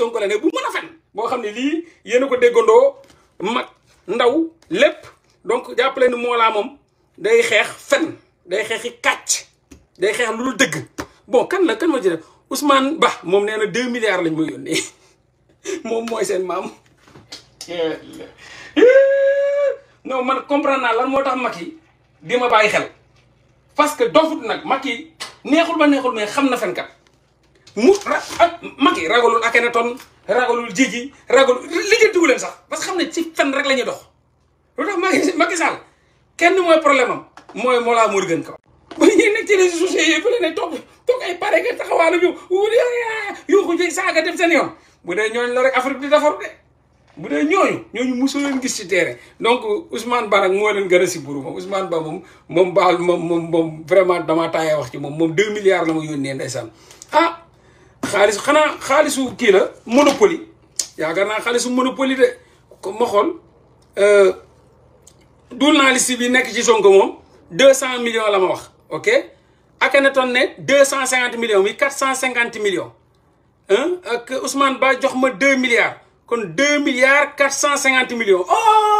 Sonko la ne bu mën a fen boo xam ne lii yéen a ko déggandoo mag ndaw lépp donc jàppale ni Mollah moom day xeex fen day xeexi kàcc day xeex lu dul dëgg bon kan la kan ma ci def Ousmane Ba moom nee na deux milliards lañ may yónnee moom mooy seen maam non man comprendre naa lan moo tax yi di ma bàyyi xel parce que dofut nag mag yi neexul ba neexul mais xam na fenkat mu ra ak Macky ragalul Akhenaton ragalul Jiji ragalul lijjantiwu leen sax parce que xam ne ci fen rek la ñuy dox lu tax Macky Macky Sall kenn mooy problème am mooy Mollah Morgun Kaw. bu ñuy nekk ci réseaux sociaux yi fële ne toog toog ay pare nga taxawaanu seen yoon bu dee ñooñu la rek Afrique di defaru de bu dee ñooñu ñooñu mosoo leen gis ci terrain donc Ousmane Ba nag moo leen gën a si buru moom Ba moom moom baal moom moom moom vraiment dama taayee wax ci moom moom deux milliards la ma yónnee ndeysaan ah. Monopoly de Monopoly comme ma journaliste euh, bi ci Sonko deux millions la mort, wax ok Akhenaton ne deux cent cinquante millions mi quatre cent cinquante millions hein? ak Ousmane Ba milliards comme deux milliards quatre millions oh!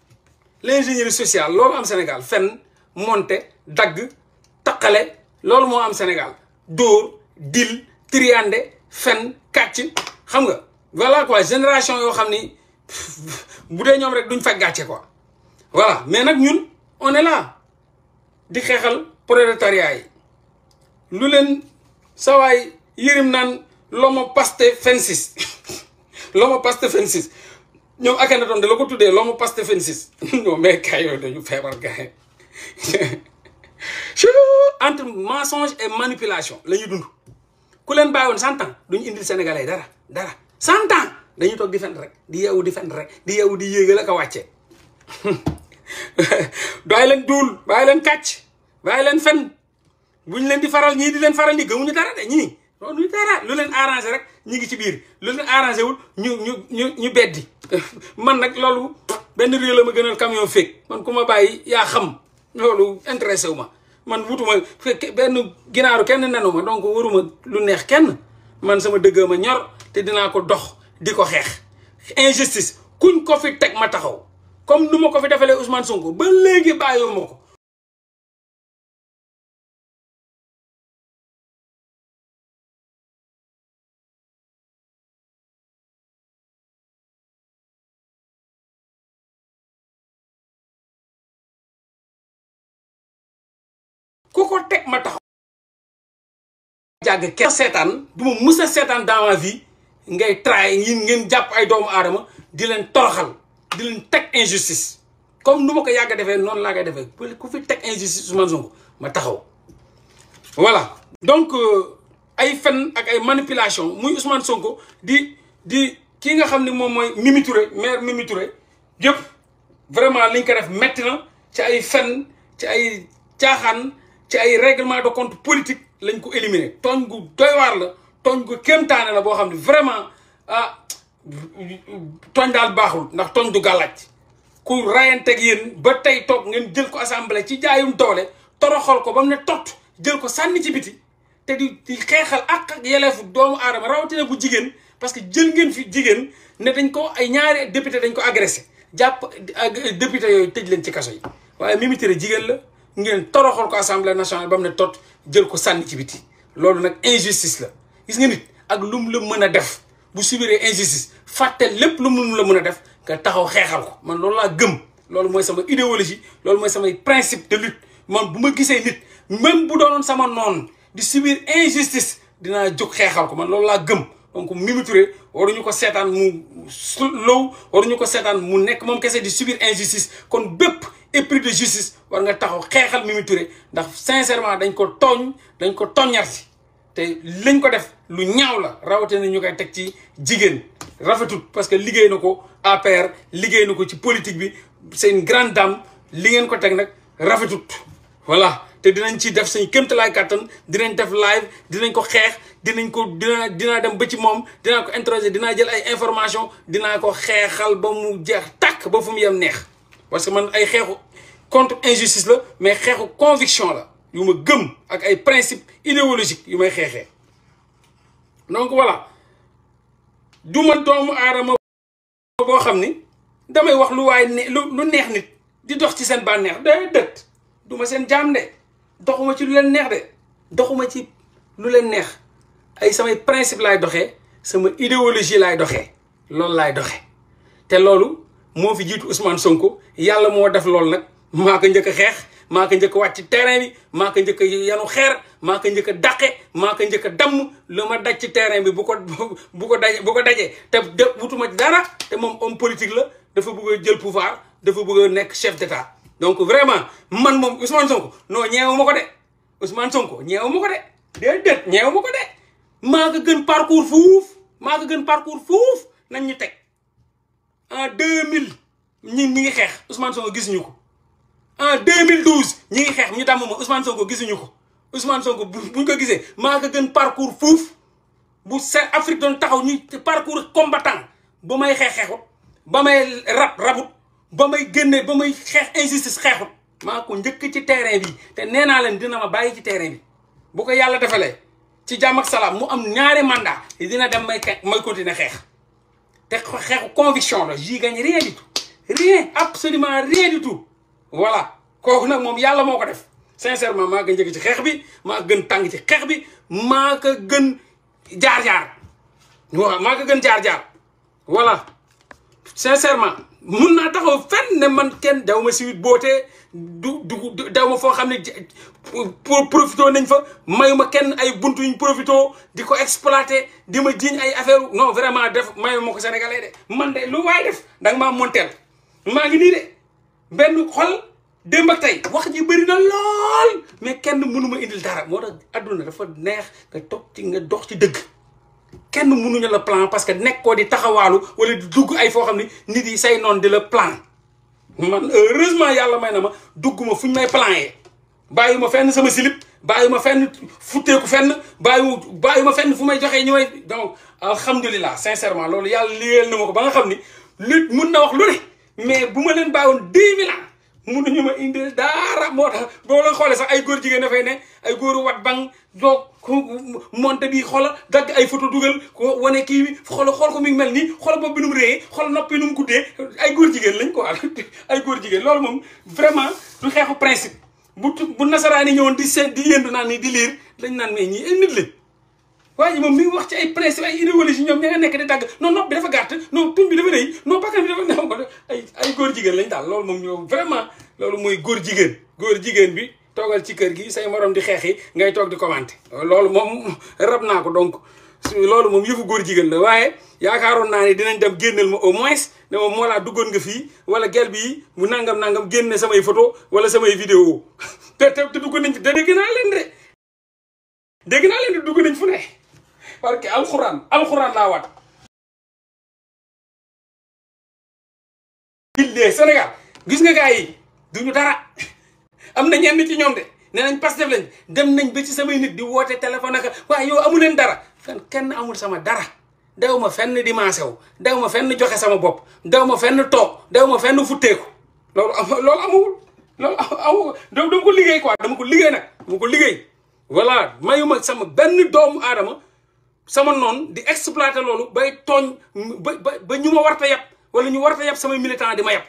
l'ingénierie social loolu am Sénégal fenn monte dagg taqale loolu moo am Sénégal dóor dil triande fen kàcc xam nga voilà quoi génération yoo xam ni bu dee ñoom rek duñ fekk gàcce ko voilà mais nag ñun on est di xeexal prolétariat yi lu leen sawaay yërim naan l'homo paste fensis l'homo paste sis ñoom Akhenaton da la ko tuddee l'homme pastéfensis ñoom mais gars yooyu dañu feebar gars yi entre mensonge et manipulation la ñuy dund ku leen bàyyi woon cent ans duñu indil sénégalais dara dara cent ans dañuy toog di fenn rek di yeewu di fenn rek di yeewu di yéegal ak a wàccee bàyyi leen duul leen kàcc bàyyi leen fen buñ leen di faral ñii di leen faral ñi gëmuñu dara de ñii noonu dara lu leen arrangé rek ñi ngi ci biir lu leen arrangé wul ñu ñu ñu ñu beddi man nag loolu benn réew la ma gënal camion fekk man ku ma bàyyi yaa xam loolu intéressé wu ma man wutuma fekk benn ginaaru kenn nenu ma donc waruma lu neex kenn man sama dëgg ma ñor te dinaa ko dox di ko xeex injustice kuñ ko fi teg ma taxaw comme nu ma ko fi defalee Ousmane Sonko ba léegi bàyyiwuma ko ko teg ma taxaw. jàgg kenn seetaan du ma mës seetaan dans ma vie ngay traay yi ngeen jàpp ay doomu aadama di leen toroxal di leen teg injustice comme nu ma ko yàgg defee noonu laa koy defee ko fi teg injustice Ousmane Sonko ma taxaw. voilà donc euh, ay fen ak ay manipulation muy Ousmane Sonko di di ki nga xam ne moom mooy Mimi maire Mimi yëpp vraiment li ñu ko def metti na ci ay fen ci ay caaxaan ci ay règlement de compte politique lañ ko éliminer tooñ gu doy waar la tooñ gu taane la boo xam ne vraiment ah tooñ daal baaxul ndax tooñ du gàllaaj ku rayanteeg yéen ba tey toog ngeen jël ko assemblée ci jaayum doole toroxal ko ba mu ne tot jël ko sànni ci biti te di di xeexal ak ak yeleefu doomu aadama rawatina bu jigéen parce que jël ngeen fi jigéen ne dañ ko ay ñaari député dañ ko agressé jàpp député yooyu tëj leen ci kaso yi waaye Mimi Touré jigéen la ngeen toroxal ko assemblée nationale ba mu ne tot jël ko sànni ci biti loolu nag injustice la gis nga nit ak lum la mën a def bu subiree injustice fàtte lépp lu mu la mën a def nga taxaw xeexal ko man loolu laa gëm loolu mooy sama idéologie loolu mooy samay principe de lutte man bu ma gisee nit même bu doonoon sama noon di subir injustice dinaa jóg xeexal ko man loolu laa gëm donc Mimi waruñu ko seetaan mu su low waruñu ko seetaan mu nekk moom kese di subir injustice kon bépp épris de justice war nga taxaw xeexal Mimi Touré ndax sincèrement dañ ko tooñ dañ ko toññar si te lañ ko def lu ñaaw la rawatina ñu koy teg ci jigéen rafetul parce que liggéey na ko APR liggéey na ko ci politique bi c'est une grande dame li ngeen ko teg nag rafetut voilà te dinañ ci def seen kéemtalaay kàttan dinañ def live dinañ ko xeex dinañ ko d'ina dinaa dem ba ci moom ko interroger d'ina jël ay information d'ina ko xeexal ba mu jeex tàkk ba fu mu yem neex parce que man ay xeexu contre injustice la mais xeexu conviction la yu ma gëm ak ay principe idéologique yu may xeexee donc voilà duma ma doomu aadama boo xam ni damay wax lu waay ne lu neex nit di dox ci seen bànneex day dët duma ma seen jaam de doxuma ci lu leen neex de doxuma ci lu leen neex ay samay principe lay doxé sama idéologie lay doxé lool lay doxé té loolu moo fi jiitu Ousmane Sonko yalla mo def lool nak maa ñëk xex a ñëk wacc terrain bi maa ñëk yanu xër maa ñëk daqé a ñëk dam luma ma daj ci terrain bi bu ko bu ko dajé bu ko dajee te wutuma dara té mom homme politique la dafa bëgg jël pouvoir dafa bëgg a nekk chef d'état donc vraiment man mom Ousmane Sonko non ñeewu ma ko de Ousmane Sonko ñeewu ma ko dé déedéet ñeewu ko maa nga gën parcours fuuf maa nga gën parcours fuuf nañ ñu teg en mille ñi ñi ngi xeex Ousmane Sonko gisuñu ko ah en 2012 ñi ngi xeex ñu dàmm ma Ousmane Sonko gisuñu ko Ousmane bu buñ ko gisee maa nga gën parcours fuuf bu seen Afrique doon taxaw ñu parcours combattant ba may xeex xeexut ba may rab rabut ba may génne ba may xeex injustice xeexut maa ko njëkk ci terrain bi te nee naa leen dina ma bàyyi ci terrain bi bu ko yàlla defalee ci ak am ñaari mandat dina dem may may continuer xex conviction la j'y gagne rien du tout rien absolument rien du tout voilà ko nak mom yalla moko def sincèrement ma ko njëkk ci xex bi ma gën tang ci xex bi ma ko gën jaar-jaar ko gën jaar-jaar voilà sincèrement je na taxaw fenn ne man kenn dawma du du daw ma foo xam ne pour profito nañ fa mayuma kenn ay buntu yuñ profito di ko exploité di ma jiiñ ay affaire non vraiment def mayuma ko sénégalais de man de lu waay def da maa monteel maa ngi nii de benn xol démb ak tey wax ji bëri na lool mais kenn mënu ma indil dara moo tax adduna dafa neex nga toog ci nga dox ci dëgg kenn mënuñu la plan parce que nekkoo di taxawaalu wala di dugg ay foo xam ne nit yi say noon di la plan man heureusement yalla suis ma may suis. bàyyi fenn sama slip fenn fenn fenn fumay joxé ñoy donc alhamdoulillah sincèrement lolu yalla liyel na ba nga xamni nit wax lu mais suis len leen 10000 mënuñu ma indil daara moo tax boo la xoolee sax ay góor jigéen dafay ne ay góoru wat bang joog monte bi xoola dagg ay photo dugal wane kii bi xoola xool ko mi mel nii xol bopp bi nu mu xol xoola noppi nu mu guddee ay góor jigéen lañ ko ay góor jigéen loolu moom vraiment du xeexu principe bu bu nasaraani ñëwoon di seet di yëndu naan nii di liir lañ naan mais ñii ay nit waaye ji moom wax ci ay principe ay nekk di dagg non nopp bi dafa gàtt non tuñ bi dafa jigéen lañ daal loolu moom ñoo vraiment loolu mooy góor jigéen góor jigéen bi toogal ci kër gi say morom di xeex ngay toog di commenter loolu moom rab naa ko donc loolu moom yëfu góor jigéen la waaye yaakaaroon naa ni dinañ dem génneel ma au moins ne moom moo laa duggoon nga fii wala gel bi mu nangam nangam génne samay photo wala samay vidéo te te dugg nañ ci dégg naa leen de dégg naa leen de dugg nañ fu ne barke alxuraan alxuraan laa waat. bildee Sénégal gis nga gars yi duñu dara am na ñenn ci ñoom de nee nañ Pastef lañ dem nañ ba ci samay nit di woote téléphone ak waaye yow amu leen dara kan kenn amul sama dara. daw ma fenn dimanche wu daw ma fenn joxe sama bopp daw ma fenn toog daw ma fenn futteeku loolu am loolu amul loolu amul dama ko liggéey quoi dama ko liggéey nag dama ko liggéey voilà mayuma sama benn doomu aadama sama noon di exploiter loolu bay tooñ ba ba ñu ma warta yàpp wala ñu warta yàpp samay militant di ma yàpp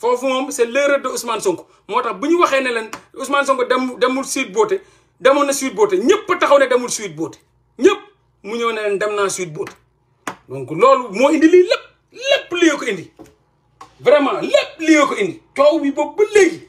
foofu moom c'est l'erreur de Ousmane Sonko moo tax bu ñu waxee ne leen Ousmane Sonko dem demul Sweet Beauté demoon na Sweet Beauté ñëpp taxaw ne demul Sweet boote ñëpp mu ñëw ne leen dem naa Sweet Beauté donc loolu moo indi lii lépp lépp li ko indi vraiment lépp li ko indi coow bi boobu ba léegi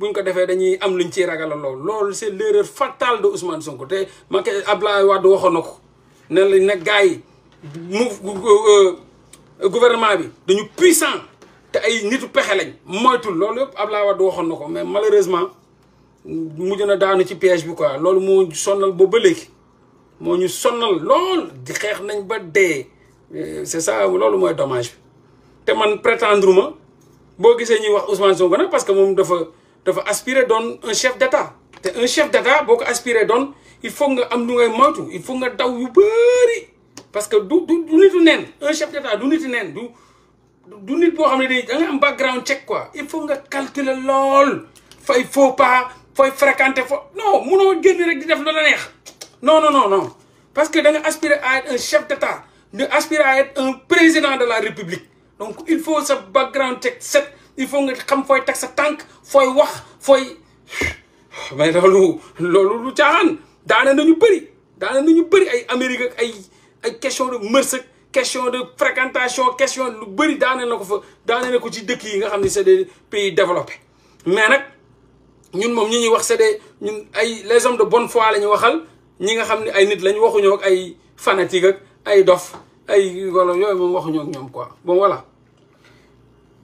bu buñ ko defee dañuy am luñ ciy ragal lool loolu c'est l'erreur fatale de Ousmane Sonko te Macky Abdoulaye Wade waxoon na ko ne lañ ne gars yi mu euh, gouvernement bi dañu puissant te ay nitu pexe lañ moytul loolu yëpp Abdoulaye Wade waxoon na ko mais malheureusement mujj na daanu ci piège bi quoi loolu moo sonnal ba ba léegi moo ñu sonnal lool di xeex nañ ba dee euh, c'est ça loolu mooy domage bi te man pretendre ma boo gisee ñuy wax Ousmane Sonko nag parce que moom dafa dafa aspirer donne un chef d'état un chef d'état pour aspirer donne il faut nga am lu ngay il faut nga daw yu beuri parce que du du du nitu un chef d'état du nitu neen du du nit bo xamné da nga am background check quoi il faut nga calculer lol fay faut pas fay fréquenter fo non non, génn rek di def lu la neex non non non non parce que da nga aspirer à être un chef d'état de aspirer à être un président de la république donc il faut sa background check set il faut nga xam fooy teg sa tànk fooy wax fooy mais loolu loolu lu caaxaan daane nañu bëri daane nañu bëri ay Amérique ak ay ay question de mœurs question de fréquentation question lu bëri daane na ko fa daane na ko ci dëkk yi nga xam ne c'est des pays développés mais nag ñun moom ñu ñuy wax c'est des ñun ay les de bonne fois la ñu waxal ñi nga xam ne ay nit lañ waxuñoo ak ay fanatique ak ay dof ay wala yooyu moom waxuñoo ñoom quoi bon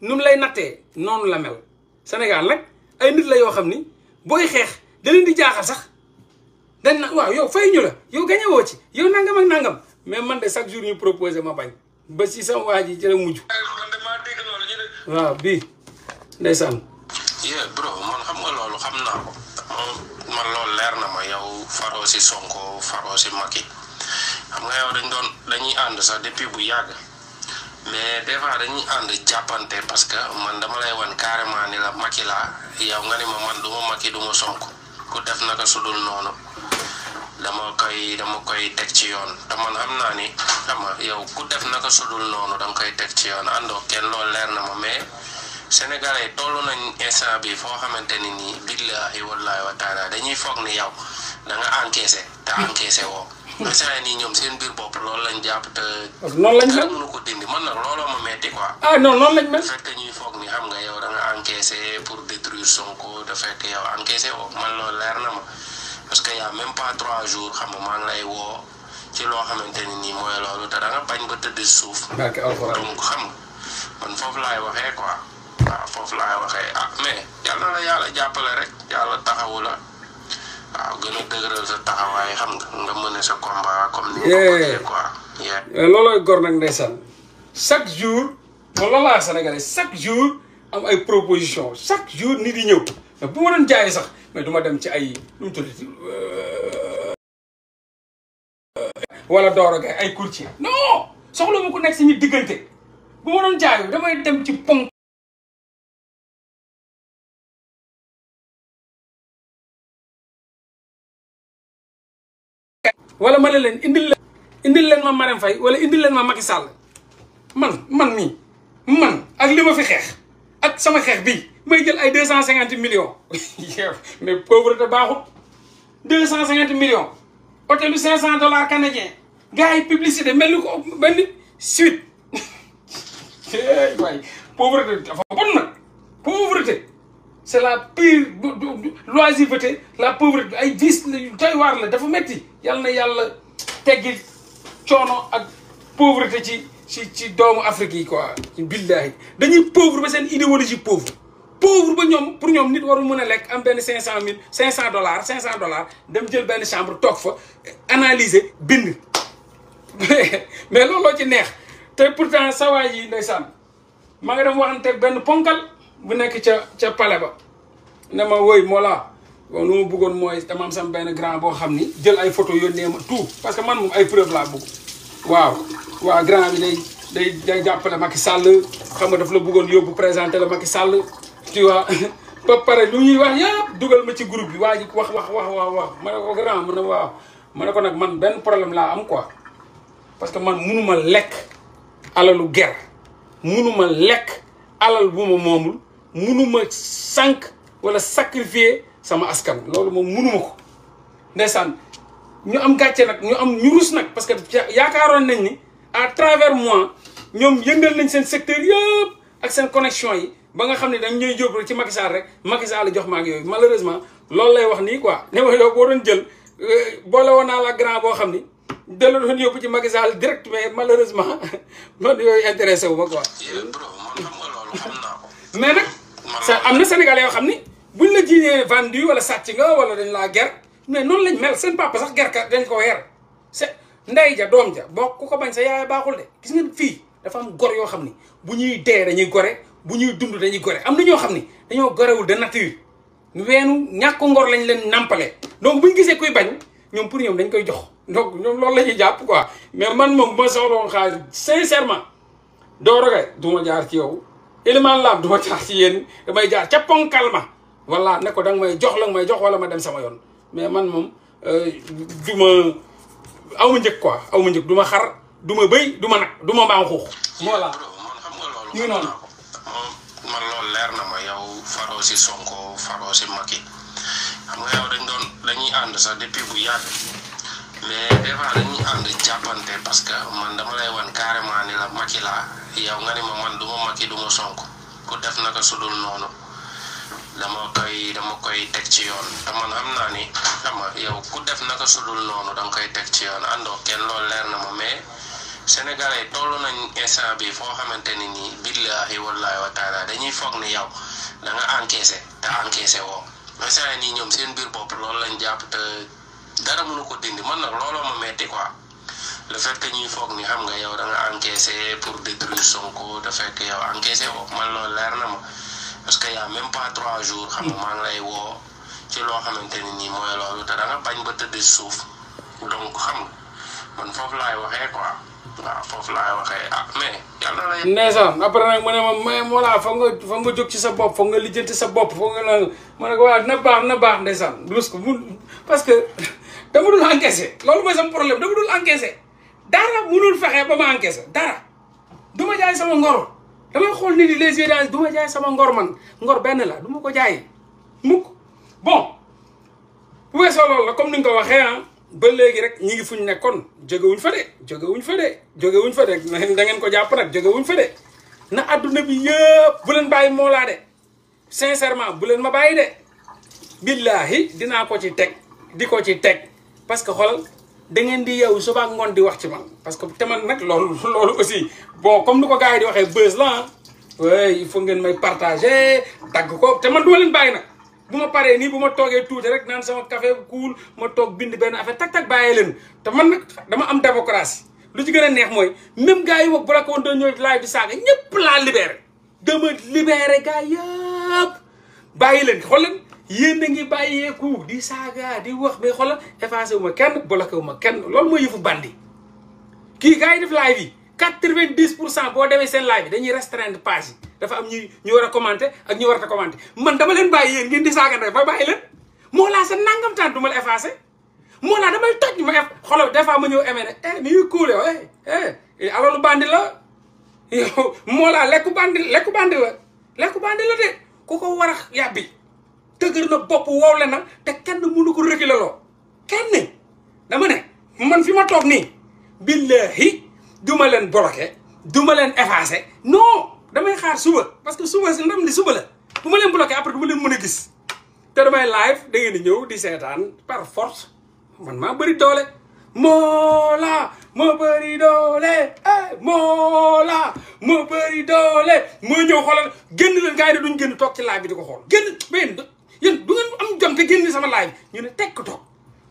num lay naté non la mel Sénégal nak ay nit la yo xamni boy xex da len di jaxal sax dañ na waaw yow fay ñu la yow gagné wo ci yow nangam ak nangam mais man de chaque jour ñu proposer ma bañ ba ci sama waji ji ci la mujj. waaw bi ndaysan yeah bro man xam nga lolu xam na man lolu leer na ma yow faro ci Sonko faro ci Macky xam nga yow dañ doon dañuy and sax depuis bu yagg mais des dañuy ànd jàppante parce que man dama lay wan carrément ni la Macky laa yow nga ni ma man du ma Macky du ma Sonko ku def naka sudul noonu dama koy dama koy teg ci yoon te man am naa ni xam yow ku def naka sudul noonu danga koy teg ci yoon àndoo kenn lool leer na ma mais Sénégalais tollu nañ instant bi foo xamante ni nii billaahi wallaahi wa taala dañuy foog ni yow da nga encaissé te encaissé woo ndax nii ñoom seen biir bopp loolu lañ jàpp te. noonu lañ ko dindi man nag looloo ma metti quoi. ah non noonu lañ mel. fekk ñuy foog ni xam nga yow da nga encaissé pour détruire Sonko da fekk yow encaissé woo man loolu leer na ma parce que y a même pas trois jours xam nga maa ngi lay woo ci loo xamante ni nii mooy loolu te bañ ba tëdd suuf. barke xam man foofu laay waxee quoi waaw foofu laay waxee ah mais yàlla la yàlla jàppale rek yàlla taxawu la. waaw gën a dëgëral sa taxawaay xam nga nga mën sa combat comme ni nga ko mënee quoi. Eh, gor nag ndeysaan chaque jour man loolu laa chaque jour am ay proposition chaque jour nit di ñëw mais bu ma doon jaayee sax mais du ma dem ci ay nu mu euh, wala dooro gay ay courtier non soxla ma ku nekk si ñu diggante bu ma doon jaayu damay dem ci ponk wala ma ne leen indil leen indil leen ma Marème fay wala indil leen ma Macky Sall man man mii man ak li ma fi xeex ak sama xeex bi may jël ay deux cent cinquante millions mais pauvreté baaxut deux cent cinquante millions hôtelu cinq cent dollars canadien gars yi publicité mel ni ko benn suite waay pauvreté dafa bon nag pauvreté c'est la pire l'oisiveté la pauvreté ay dis, la war la dafa metti na ak pauvreté ci ci ci doomu Afrique yi quoi billahi dañuy pauvre ba idéologie pauvre pauvre ba ñom pour ñom nit am dollars 500 dollars dem jël chambre tok fa analyser mais ci neex pourtant nga dem bu nekk ca ca pale ba ne ma woy Mollah bon lu ma bëggoon mooy dama am sama benn grand boo xam ni jël ay photo yónnee ma tout parce que man moom ay preuve waaw waaw grand bi day day day jàppale Macky Sall xam nga daf la bëggoon yóbbu présenté la Macky Sall tu pare lu ñuy wax yëpp ma ci groupe bi waa ji wax wax wax wax wax ma ne ko grand mu ne waaw ma ne ko nag man benn problème laa am quoi parce que man munuma lekk alalu ger munuma lekk alal bu ma moomul munuma sànq wala sacrifier sama askan loolu moom munuma ko ndeysaan ñu am gàcce nag ñu am ñu rus nag parce que yaakaaroon nañ ni à travers moi ñoom yëngal nañ seen secteur yëpp ak seen connexion yi ba nga xam ne dañ ñooy jóg rek ci Macky Sall rek Macky Sall la jox maag yooyu malheureusement loolu lay wax nii quoi ne ma yow boo doon jël euh, boole woon naa la grand boo xam ni da la doon yóbbu ci Macky Sall direct mais malheureusement loolu yooyu intéressé wu ma quoi mais nag am na sénégal yoo xam ni buñ la jiinee vendu wala sàcc nga wala dañ laa ger mais noonu lañ mel seen papa sax ger ka dañ ko yer se ndey ja doom ja boo ku ko bañ sa yaay baaxul de gis ngeen fii dafa am gor yoo xam ni bu ñuy dee dañuy gore bu ñuy dund dañuy gore am na ñoo xam ni dañoo gorewul de nature weenu ñàkk ngor lañ leen nàmpale donc ñu gisee kuy bañ ñoom pour ñoom dañ koy jox donc ñoom loolu la ñuy jàpp quoi mais man moom ma soxla woon xaalis sincèrement doo rogay du ci yow ilman la dua tax ci yéen damay jaar ca ponkal ma wala ne ko dang may jox la may jox wala ma dem sama yoon mais man mom du eh, ma aw ma quoi awu ma duma xar duma ma duma nak duma nag du ma mbaam xuux. voilà ñu non man lool leer na ma yow faro si Sonko faro si makki xam nga yow dañ doon dañuy and sax depuis bu mais des fois dañuy ànd jàppante parce que man dama lay wan carrément ni la Macky laa yow nga ni ma man du ma Macky du ma Sonko ku def naka sudul noonu dama koy dama koy teg ci yoon te man naa ni xam nga yow ku def naka sudul noonu danga koy teg ci yoon àndoo kenn loolu leer na ma mais sénégalais tollu nañ instant bi foo xamante ni nii billahi wallahi wa dañuy foog ni yow danga nga te encaissé woo instant nii ñoom seen biir bopp loolu lañ jàpp te dara mënu ko dindi man nag loolo ma metti quoi le fait que ñuy foog ni xam nga yow da nga encaissé pour détruire sonko da fekk yow encaissé ko man loolu leer na ma parce que yaa même pas trois jours xam nga maa ngi lay woo ci loo xamante ni nii mooy loolu te da nga bañ ba tëdd suuf donc xam nga man foofu laay waxee quoi waaw foofu laay waxee ah mais yàlla lay ndeysaan après nag ma ne ma mais voilà fa nga fa nga jóg ci sa bopp fa nga lijjanti sa na baax na baax ndeysaan dama dul encaissé lolou moy sama problème dama dul encaissé dara munul fexé ba ma encaissé dara duma jaay sama ngor damay xol nit ñi les yeux du ma jaay sama ngor man ngor ben la duma ko jaay mukk bon bu so lolou la comme ni nga waxé hein ah, ba légui rek ñi ngi fuñ nekkon jëgé wuñ fa dé jëgé wuñ fa dé jëgé wuñ fa dé da ngeen ko japp nak jëgé wuñ fa dé na aduna bi yépp bu leen bàyyi moolaa dé sincèrement bu leen ma bayyi dé billahi dina ko ci tek diko ci tek parce que dengan da ngeen di yow suba ngon di wax ci man parce que te man nak lolu lolu aussi bon comme ni gaay di waxee buzz la ah. oui il faut ngeen may partager tag ko te man du len leen nak buma paré ni buma togué tout rek nan sama café cool ma tok bind ben affaire tak tak bàyyi len te man nak dama am démocratie lu ci gëna neex moy même gaay yi bu la ko ñëw live bi saga ñëpp la libéré dama libéré gaay yëpp bàyyi len xol len yéen a ngi bàyyeeku di saaga di wax mais xoolal effacé wu ma kenn bloqué wu ma kenn loolu mooy yëfu bandi kii gars yi def live yi quatre-vingt-dix pour cent boo demee seen live yi dañuy restreindre page yi dafa am ñuy ñu war a commenté ak ñu war a commenté man dama leen bàyyi yéen ngeen di saaga ndey ba bàyyi leen moo laa sa nangam taan du ma la effacé moo laa damay toj ma eff xoolal des fois ma ñëw amee ne eh mi ngi kuule eh, eh, eh alalu bandi la yow moo laa lekku bandi lekku bandi la la de ku ko war a dëgër na bopp wow le na te kenn mënu ko réguler loo kenn dama ne man fi ma toog nii billahi duma leen bloqué duma leen effacé non damay xaar suba parce que suma si ndam li suba la bu leen bloqué après du leen mun a gis te damay live da ngeen di ñëw di seetaan par force man maa bëri doole moo la moo bëri doole eh, moo la moo bëri doole moo ñëw xoolal génn leen gars yi duñ génn toog ci laaj bi di ko xool génn yéen du ngeen am jom te génn sama live ñu ne tekk toog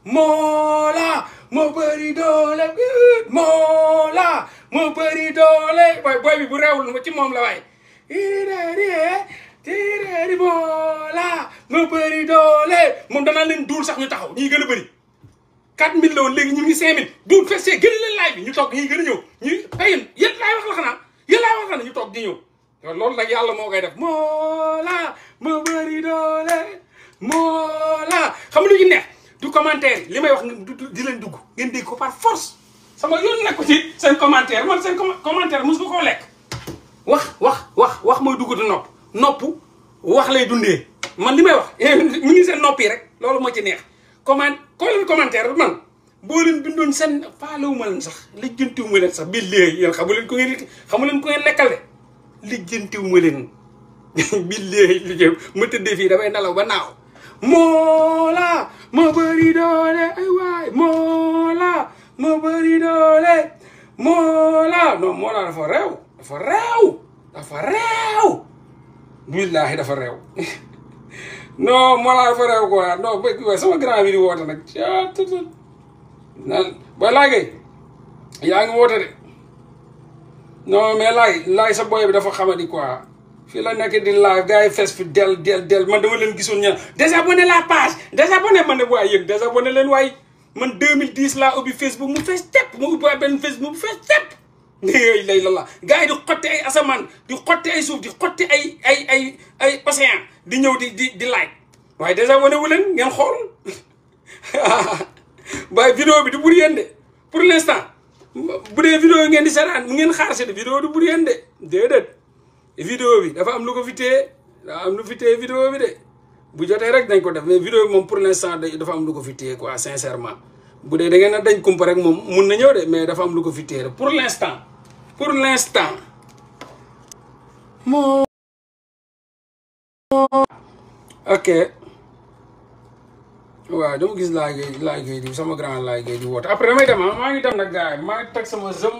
moo la moo bëri doole moo la moo bëri doole booy booy bi bu réewul ma ci moom la waaye téeréeri moo la moo bëri doole moom danaa leen duul sax ñu taxaw ñii gën a bëri 4000 la woon léegi ñu ngi 5000 duul festee gën leen live bi ñu toog ñii gën a ñëw ñu payin yéen laay wax la xanaa yéen laay wax xanaa ñu toog di ñëw loolu nag yàlla moo koy def moo la ma bëri doole moola xam nga lu ñu ne du commentaire li may wax di leen dugg ngeen dégg ko par force sama yoon nekku ci seen commentaire man seen commentaire mos ma Wah, wah, wax wax wax wax mooy dugg di nopp nopp wax lay dundee man li may wax eh, mu ngi seen nopp rek ci neex comment koo leen commentaire man boo leen bindoon seen faalewuma leen sax lijjantiwuma leen sax bi léegi yéen xamu leen ko ngeen xamu ko ngeen de billahi lu jëm ma tëddee fii damay nelaw ba naaw moola ma bëri doole ay waay moola ma bëri doole moola non moola dafa réew dafa réew dafa réew billahi dafa réew non moola dafa réew quoi non sama grand bi di woote nag caatata ba laagay yaa ngi woote de non mais laay laay sa boy bi dafa xamadi quoi fii la nekk di la gars yi fees fi del del del man dama leen gisoon ñaan désabonné la page désabonné man ne waaye yéen désabonné leen waaye man 2010 laa ubbi Facebook mu fees tepp ma ubbi benn Facebook mu fees yi di ay asamaan di xotti ay suuf xotti ay ay ay ay océan di ñëw di di di laaj waaye désabonné wu leen ngeen xool waaye vidéo bi du pour yéen de pour l' instant bu dee vidéo ngeen di seetaan ngeen xaar seen vidéo du pour yéen de déedéet. vidéo bi dafa am lu ko fi dafa am lu fi téye bi de bu jotee rek dañ ko def mais vidéo bi moom pour l'instant dafa am lu ko fi téye quoi sincèrement bu dee da ngeen a dañ kumpa rek moom mun na ñëw de mais dafa am lu ko fi téye pour l'instant pour l'instant moo ok waaw dama gis laaj géej laaj géej di sama grand laaj géej di woote après damay dem ah, maa ngi dem nag gars yi maa ngi teg sama zëm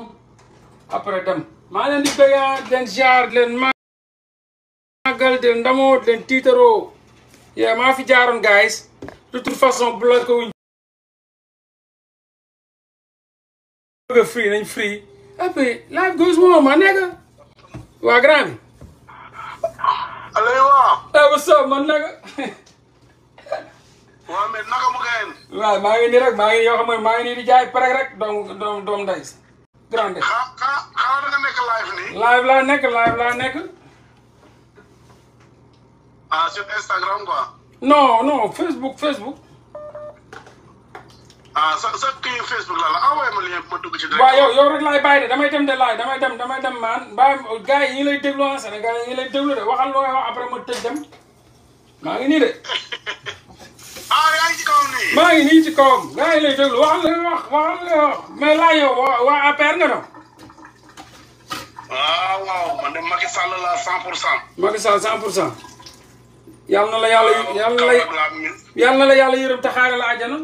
après dem maa leen di bëgg den jaar leen màggal den ndamoo yee maa fi jaaroon guys de toute façon bloqué wuñ bëgg free nañ free et puis life goes on ma nekk waa grand bi allo waaw eh, what's up man naka waaw mais mu gayen waaw maa ngi nii rek maa ngi yoo xam maa ngi nii di jaay pare rek doom doom doom grande. xa xa xanaa da nga nekk live nii. live laa nekk live laa nekk. ah sur Instagram quoi. non non Facebook Facebook. ah sa sa kii Facebook la la envoyé ma lien ma dugg ci. direct waaw yow yow rek laay bàyyi de damay dem de laay damay dem damay dem maan bàyyi gars yi ñu ngi lay déglu ah Sénégal yi ñu ngi lay déglu de waxal looy wax après ma tëj dem maa ngi nii de. ah yaa ngi ci kawam nii. maa nii ci kawam gaa yi lay déglu wax la wax wax la wax mais laa yow waa nga doon. ah waaw man de Macky la 100 pour cent. Macky Sall 100 cent. yàlla na la yàlla yàlla na la yàlla yàlla yërëm taxaare la àjjana.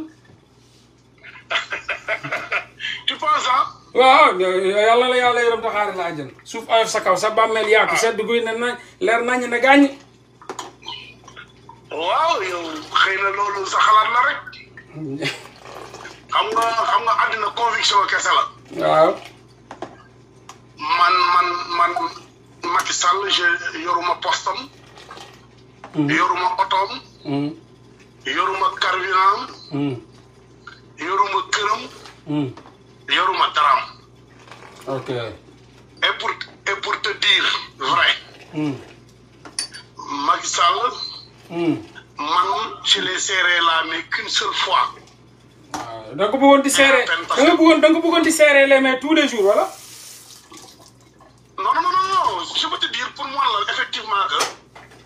waaw yàlla na la yàlla yërëm taxaare la àjjana. suuf oyof sa kaw sa bàmmeel yaatu. waaw ah. sedd guy ne na leer nañu ne gaañ. waaw yow xëy na loolu sa xalaat la rek. xam nga xam nga àddina conviction kese la. waaw. man man man Macky je yoruma postam. Hmm. yoruma otoom. Hmm. yoruma carburant. Hmm. yoruma këram. yoruma daraam. ok. et pour et pour te dire vrai. Macky man je les serré là, mais qu'une seule fois. Euh, donc, da nga ko bëggoon di serrer da da les mains tous les jours voilà. non non non non je veux te dire pour moi là, effectivement que.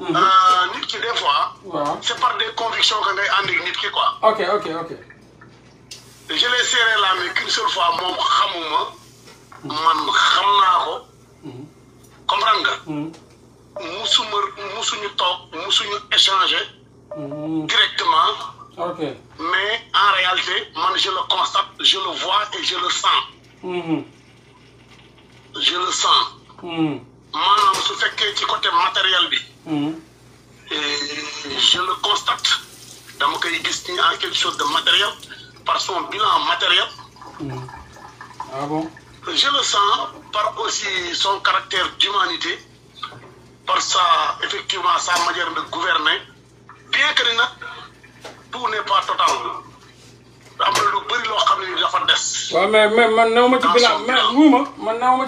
Mhm. Euh, des fois. c'est par des convictions que est ànd ak quoi. ok ok ok. je les serré là, mais qu'une seule fois moom xamuma mhm. man xam naa ko. Mhm. comprends, nga nous nous toog échanger. Mm-hmm. directement. mais en réalité je le constate je le vois et je le sens. Mm-hmm. je le sens. Mm-hmm. côté matériel je le constate dama il existe quelque chose de matériel par son bilan matériel. ah bon. je le sens par aussi son caractère d'humanité parce sa effectivement sa manière de gouverner bien que ni total am na lu bëri loo xam ne dafa des. waaw mais mais man na ma ci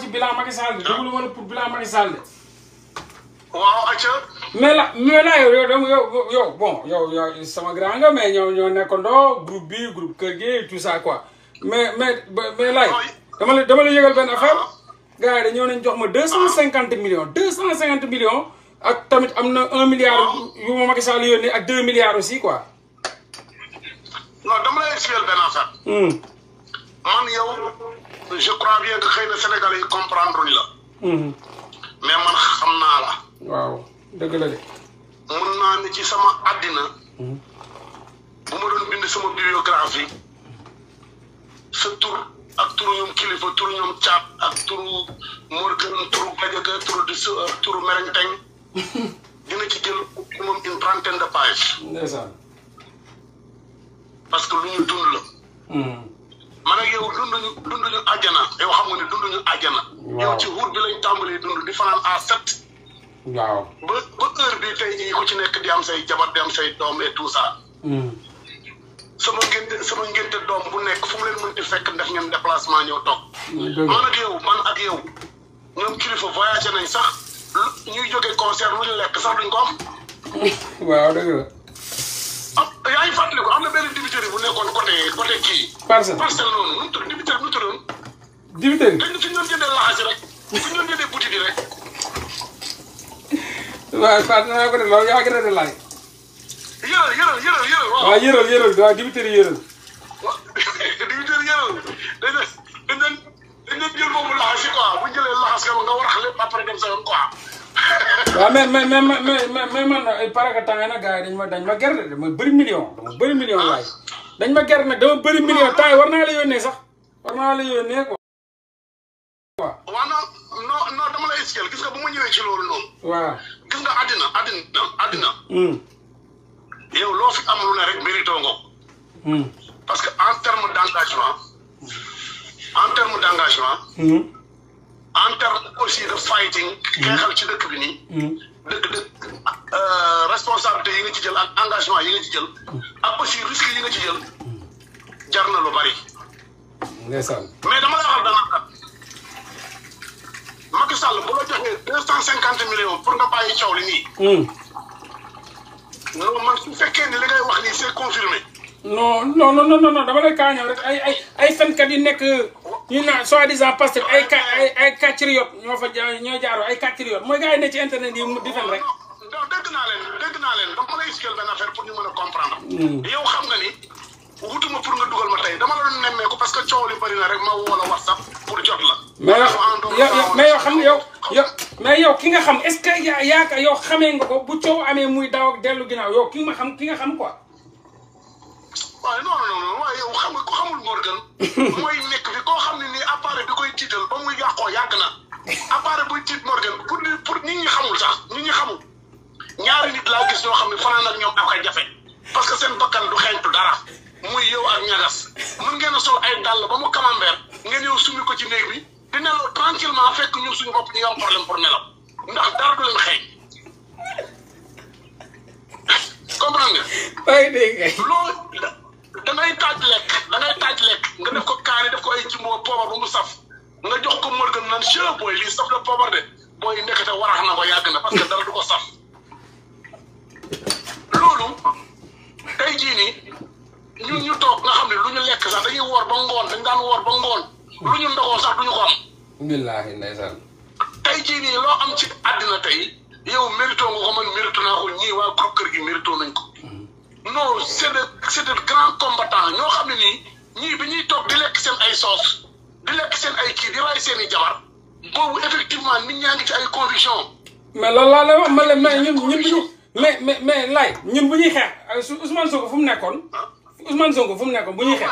bilan man ma ci de. déglu ma la pour bilan Macky Sall de. waaw acca. mais la mais bon yow sama grand nga mais ñoo ñoo nekkandoo bi groupe kër gi tout ça quoi mais mais mais dama la dama la yëgal gars yi dañoo nañ jox ma deux cent cinquante millions deux cent cinquante millions ak tamit am na un milliard ah. yu ma Macky Sall yónnee ak deux milliards aussi quoi. non dama lay expliquer benn affaire. Hmm. xëy na Sénégalais yi comprendre ñu la. Hmm. mais man xam naa la. waaw dëgg la de. mun naa ne ci sama àddina. Hmm. bu ma doon bind sama biographie sa ak turu ñoom kilifa turu ñoom caab ak turu morgan turu gajaga turu di turu mereñteñ dina ci jël moom une trentaine de pages ndeysaan parce que lu ñu dund la hmm. man ak yow dunduñu dunduñu àjjana yow xam nga ne dunduñu àjjana yow ci wut bi lañ tàmbalee di fanaan à sept waaw ba ba bi tey jii ku ci nekk di am say jabar di am say doom et tout sama ngénte sama ngénte doom bu nekk fu mu leen mënti fekk ndax ngeen déplacement ñëw toog. man ak yow man ak yow ñoom kilifa voyagé nañ sax ñuy jógee concert lu lekk sax duñ ko am. waaw dëgg la. ah yaa ngi fàttali am na benn dibiteri bu nekkoon côté côté ki parcelle parcelle noonu nu mu tudd dibiteri nu mu tuddoon. dibiteri dañ fi ñu doon jëndee laxaasi rek fi ñu doon jëndee buti bi rek. waaw fàttali naa ko de loolu yaa yëral yëral yëral yëral waaw waaw yëral yëral waaw dibiteri yëral dañ dañ leen dañ leen jël boobu laxas yi quoi bu jëlee laxas yow nga warax dem sa yoon quoi mais mais mais mais mais man parce que temps yi dañ ma dañ ma gerte dama bëri million dama bëri million dañ ma gerte nag dama bëri million temps yi war naa la yónnee sa war naa la yónnee quoi waaw non non non dama ma ñëwee ci loolu noonu waaw gis àddina àddina àddina hmm. yow loo fi am lu ne rek mérité nga hmm. parce que en terme d' engagement en terme d' engagement hmm. en terme aussi de fighting hmm. xeexal ci dëkk bi nii dëkk dëkk euh, responsabilité yi nga ci jël ak engagement yi nga ci jël ak risque yi nga ci jël na lu bari ndeysaan mais dama la waxal dana Macky Sall bu la joxee cent cinquante millions pour nga bàyyi coow li non man su fekkee ne li ngay wax nii c'est confirmé. non non non non non dama lay kaañal ay ay ay nekk ñu naan soi-disant Pastef ay ay ay catriote ñoo fa ja ñoo jaaroo ay catriote mooy gars yi ne ci internet yi di fen rek. non dégg naa leen dégg naa leen dama lay expliquer benn affaire pour ñu mën a comprendre. Hmm. yow xam nga ni wutuma pour nga dugal ma tey dama la doon nemmeeku parce que coow li bari na rek ma woo WhatsApp pour jot la. mais yow mais yow xam yow yow mais yow ki nga xam est-ce que yaa yaakaar yow xamee nga ko bu coow amee muy daaw ak dellu ginnaaw yow ki ma xam ki nga xam quoi. waaw non yow xam nga ko xamul Morgan. mooy nekk koo xam ne nii appareil bi koy tiital ba muy yàqoo yàgg na appareil buy tiit Morgan pour pour nit ñi xamul sax nit ñi xamul ñaari nit laa gis ñoo xam. nekkoon Ousmane Sonko fu mu nekkoon bu ñuy xeex.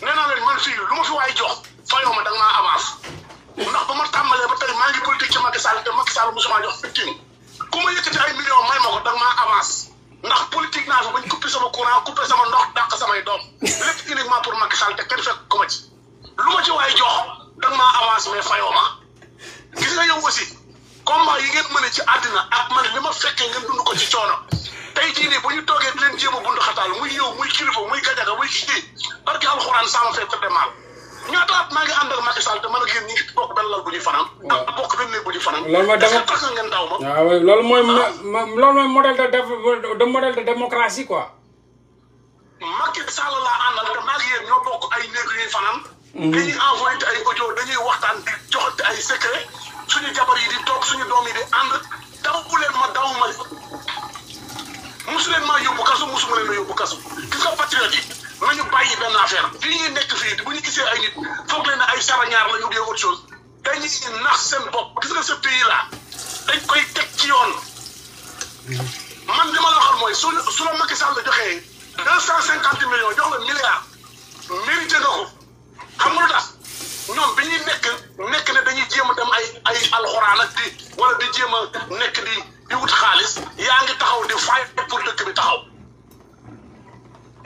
nee naa leen man fii lu ma fi waay jox fayoo ma da nga maa avance ndax ba ma tàmbalee ba tey maa ngi politique ci Macky Sall te Macky Sall mosuma jox fifteen ku ma yëkkati ay million may ma ko da nga maa avance ndax politique naa fi bañ coupé sama courant coupé sama ndox dàq samay doom lépp uniquement pour Macky Sall te kenn fekk ko ma lu ma ci waay jox da nga maa avance mais fayoo ma gis nga yow aussi combat yi ngeen mën a ci àddina ak man li ma fekkee ngeen dund ko ci coono tey jii nii bu ñu toogee di leen jéem a bundu xataal muy yow muy kilifa muy gajaga muy kii barki alxuraan sama fee fete maal ñaataat maa ngi ànd ak Macky Sall te mën a génn ñi ngi bokk benn lal bu ñu fanaan. am bokk benn néeg bu ñu fanaan. loolu mooy dama parce que ngeen taw ma. waaw loolu mooy ah. loolu mooy modèle de de modèle de démocratie quoi. Macky Sall laa àndal te maa ngi yéen ñoo bokk ay néeg yu ñuy fanaan. Mhm. dañuy envoyé ay audio dañuy waxtaan di joxante ay secret suñu jabar yi di toog suñu doom yi di ànd daw bu leen ma daw ma. musu leen maa yóbbu kasu musu ma leen ma yóbbu kasu gis nga patriote yi nañu bàyyi benn affaire fii ñuy nekk fii bu ñu gisee ay nit foog ay sarañaar la ñu dee autre chose dañuy nax seen bopp gis nga ce pays dañ koy teg ci yoon. man li ma la mooy su su la Macky Sall joxee deux cent cinquante millions jox la milliard mérité nga ko xam da lu ñoom bi ñuy nekk nekk ne dañuy jéem a dem ay ay alxuraan ak di wala di jéem a nekk di. di wut xaalis yaa ngi taxaw di fay pour dëkk bi taxaw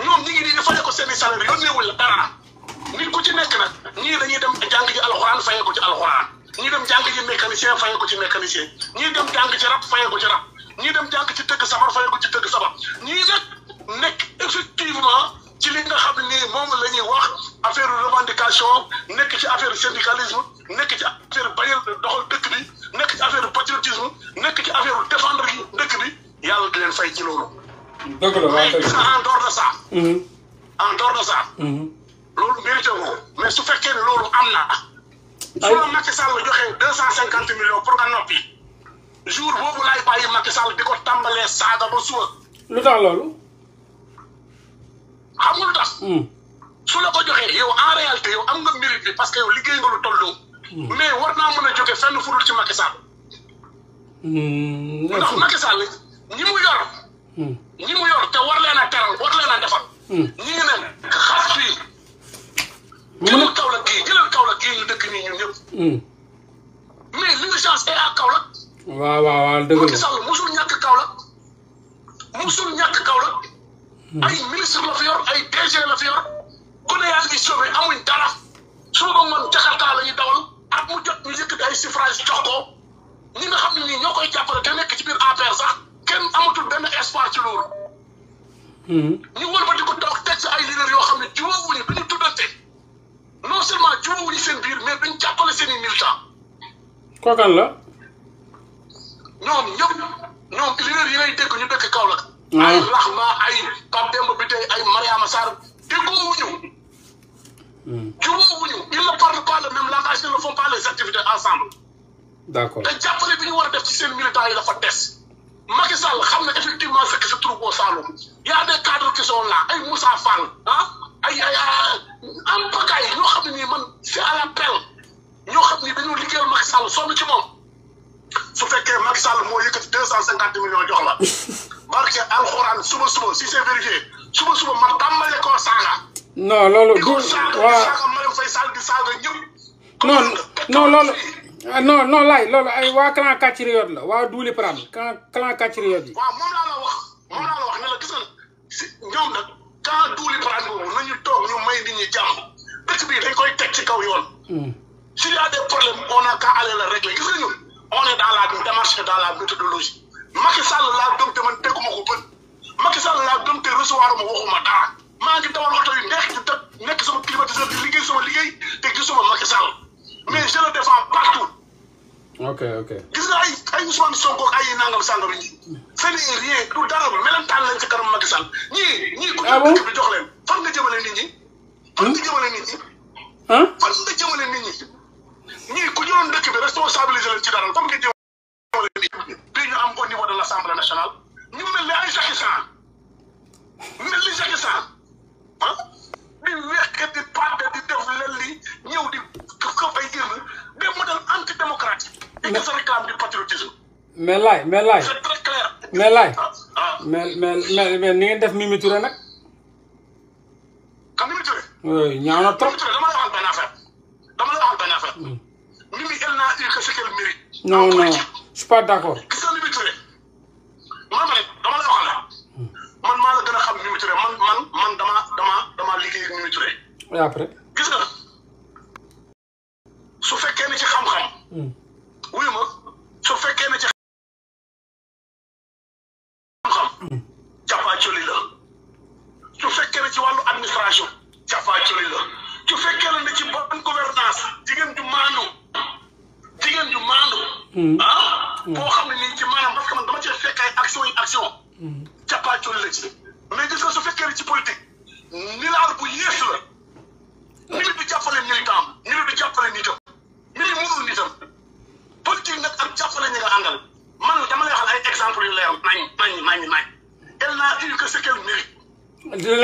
ñoom ñi ngi nii di fayee ko seen i salaire yónneewul la dara nit ku ci nekk nag ñii dañuy dem jàng ji alxuraan fayee ko ci alxuraan ñii dem jàng ji mécanicien fayee ko ci mécanicien ñii dem jàng ci rab fayee ko ci rab ñii dem jàng ci tëgg sabar fayee ko ci tëgg sabar ñii nag nekk effectivement ci li nga xam ni moom la ñuy wax affaire revendication nekk ci affaire syndicalisme nekk ci affaire bañal doxal dëkk bi. nekk ci affaire patriotisme nekk ci affaire défendre yi dëkk bi yàlla di leen fay ci loolu. dëgg la waaw dëgg la en dehors mhm. mhm. su fekkee ne loolu am na. ay soo Macky Sall joxee deux cent cinquante millions pour nga noppi jour boobu laay bàyyi Macky Sall di ko tàmbalee saaga ba suba. lu tax loolu. xam tax. Mhm. su la ko joxee yow en réalité yow am na mérite bi parce que yow liggéey nga lu toll Mmh. mais naa mën a jóge fenn ci Macky Sall. Mmh. ndax Macky Sall ñi mu yor. Mmh. ñi mu yor te war leen a teral war leen a defal. ñi ngi ne xas bii. jëlal Kaolack gii jëlal Kaolack gii ñu dëkk nii ñun ñëpp. mais l'urgence est à Kaolack. waaw waaw waaw dëgg la musul ñàkk Kaolack musul ñàkk ay ministre la fi ay DG la fi ku ne yaa ngi sauvé amuñ dara suba ba ngoon Jakarta la ñu dawal. ak mu jot ñu yëkkati ay suffrage jox ko ñi xam ne ñoo koy jàppale te nekk ci biir APR sax kenn amatul benn espoir ci loolu. Hmm. ñu wëlbati ko toog teg ci ay leader yoo xam ne jiwoowuñu duñu tuddante non seulement jiwoowuñu seen biir mais duñ jàppale seen i militant. kookan la. ñoom ñëpp ñoom leader yi lay dégg ñu dëkk Kaolack. Ah. ay Rahma ay Pape Demba bi tey ay Mariama Sarr déggoowuñu. jubóowuñu ils ne parlent pas le même langage ils ne font pas les activités ensemble. d' accord te ñu war a def ci seen militants yi dafa des. Macky Sall xam na effectivement ce qui se trouve au Saloum y a des cadres qui sont là ay Moussa Fall ah ay ay xam ne nii man si est à la ñoo xam ni dañoo liggéeyal Macky Sall sonn ci moom su fekkee Macky Sall moo yëkkati deux cent cinquante millions jox la barke suba suba si c' est suba suba man tàmbale koo saaga. non loolu. di ko saaga Marième Faye Sall di saaga ñëpp. non non loolu. Ah, non non laay loolu ay waa clan Kacciriyoot la waa Duuli Pram clan clan Kacciriyoot yi. waaw moom laa la wax moom laa la wax ne la gis nga si ñoom nag clan Duuli Pram boobu nañu toog ñu may nit ñi jàmm dëkk bi dañ koy teg ci kaw yoon. Hmm. s'il y a des problèmes on a qu'à aller les régler gis nga ñun on est dans la démarche dans la méthodologie Macky Sall laa gëm te man teguma ko bët Macky Sall laa gëm te recevoir ma waxuma dara. maa ngi dawal oto yu neex di nekk sama climatiseur di liggéey sama liggéey te soo Macky Sall mais je le défends partout. ok ok gis nga ay ay Ousmane Sonko ay nangam sangam yi seen i rien du dara melentaan lañ ci kanam Macky Sall ñii ñii ku ci ah dëkk bi jox leen fan nga jëmale nit ñi. te nga hmm? jëmale nit ñi. fan nga jëmale nit ñi ñii ku jëloon dëkk bi responsabilisé leen ci dara fan nga jëmale nit ñi bii am au niveau de l' assemblée nationale ñu mel ni ay Jacques Sarr mel ni Jacques di wekk di pàdde di def lenn li ñëw di ko fay génn des modèles antidémocratiques. mais et se réclame du patriotisme. ni ngeen def Mimi Touré nag. xam Mimi Touré. na trop Mimi Touré dama la waxal benn affaire hmm. non non pas d'accord. après gis nga su fekkee ne ci xam-xam. Hmm. wuyu ma su fekkee ne ci xam-xam. Hmm. jàppaacoli la su fekkee ne ci wàllu administration jàppaacoli la su fekkee ne ci bonne gouvernance jigéen ju maandu jigéen ju maandu. Hmm. ah boo xam ne nii ci maanaam parce que man dama cee fekk ay action yi action. jàppaacoli la ci mais gis nga su fekkee ne ci politique.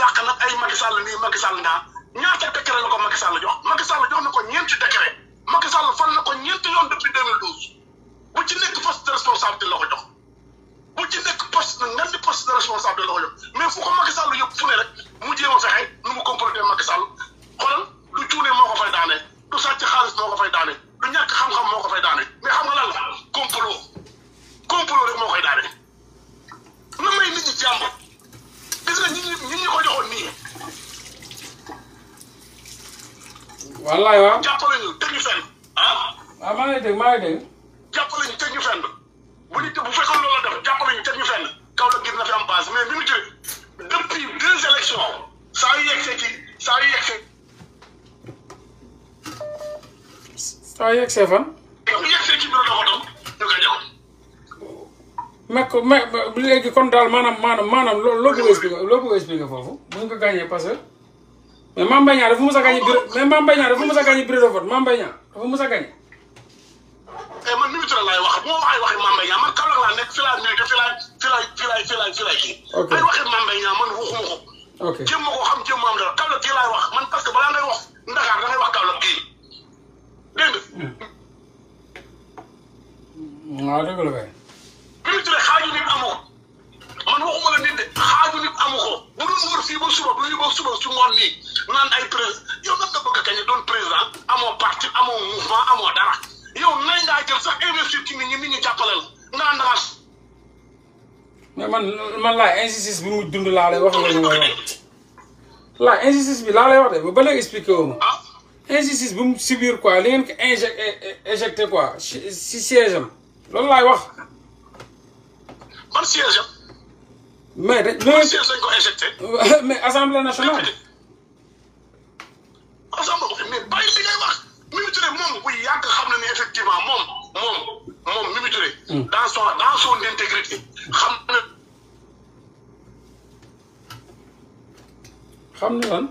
làq nag ay Macky Sall nii Macky Sall naa ñaata décret la ko Macky Sall jox Macky Sall jox na ko ñeenti décret Macky Sall fal na ko ñeenti yoon depuis 2012 bu ci nekk poste de responsabilité la ko jox bu ci nekk poste nag ngeen di poste de responsabilité la ko jox mais fu ko Macky Sall yëpp fu ne rek mu jéem a fexe nu mu comporté Macky yaa ngi dégg. jàppale ñu teg ñu fenn bu ñu bu fekkoon loolu la def jàppale ñu teg ñu fenn kaw la gis na fi am base mais bi mu élections saa yu yegg ci saa yu yegg saa yu yegg fan. saa yu yegg see ci daal maanaam maanaam maanaam loo loo bëgg expliqué loo bëgg expliqué foofu bu ñu ko gagné parce que mais Mame dafa mës a gagné bureau mais Mame Mbaye dafa mës a gagné de vote Mame Mbaye Niang dafa mës a gagné. ci laay ci laay kii. ok ay waxit Mame Mbaye Niang man waxuma ko. ok jéem ma ko xam jéem ma am dara Kaolack gi laay wax man parce que balaa ngay wax Ndakaar da ngay wax Kaolack gii dégg nga. waaw hmm. ah, dëgg la kay. ministre xaaju nit amu ko man waxuma la nit de xaaju nit amu ko bu doon wër fii ba suba bu ñu ba suba su ngoon nii naan ay président yow nan nga bëgg a kañ doon président amoo parti amoo mouvement amoo dara yow nay ngaa jël sax investir ci nit ñi nit ñi jàppale la nga naan mais man man laa injustice bi mu dund laa lay wax loolu mooy wax laa injustice bi laa lay wax de ba lay expliqué wu ma injustice bi mu subir quoi li ngeen ko eh, eh, injecté quoi si siège am loolu laay wax. man siège am. mais de mais siège lañ ko injecté. mais assemblée nationale. assemblée ko fi mais bàyyi li ngay wax. Mimi Touré moom bu yàgg xam na ne effectivement moom moom moom Mimi Touré. Hmm. dans son dans son intégrité xam. không nữa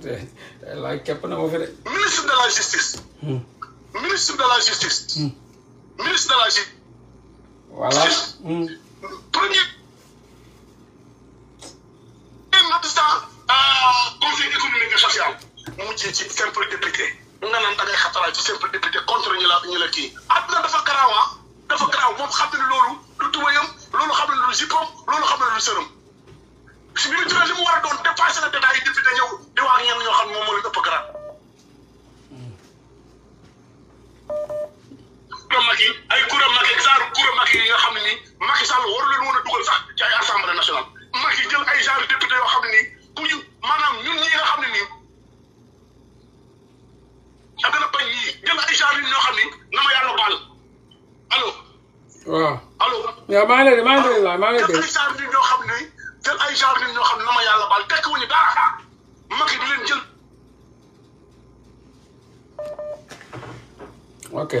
er like capna é fere ministre de la justice hmm. ministre de er la justice hmm. ministre de er la justice voilà hmm. waaw maa ngi dégg ay genre nit ñoo jël ay genre nit ñoo xam ne na ma wuñu dara Macky di leen jël. ok.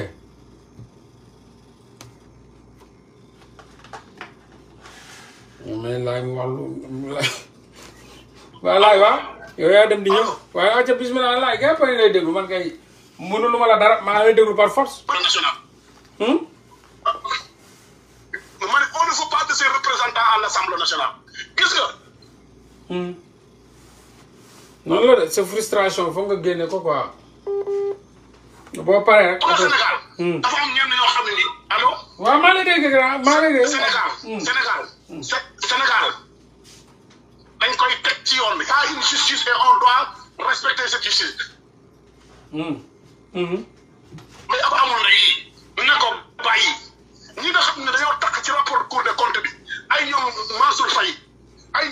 mu wax lu laay waaw laay dem di ñëw waaye bismillah lay man kay la dara lay par force. c'est frustration faut nga que quoi. Sénégal. Hmm. ne Allô Sénégal hmm. Sénégal. Hmm. Sénégal dañ koy ci a une justice et on doit respecter cette justice. mais On amul dit on en comme ñi nga en ne dañoo ci rapport Cour des comptes bi ay Mansour Faye ay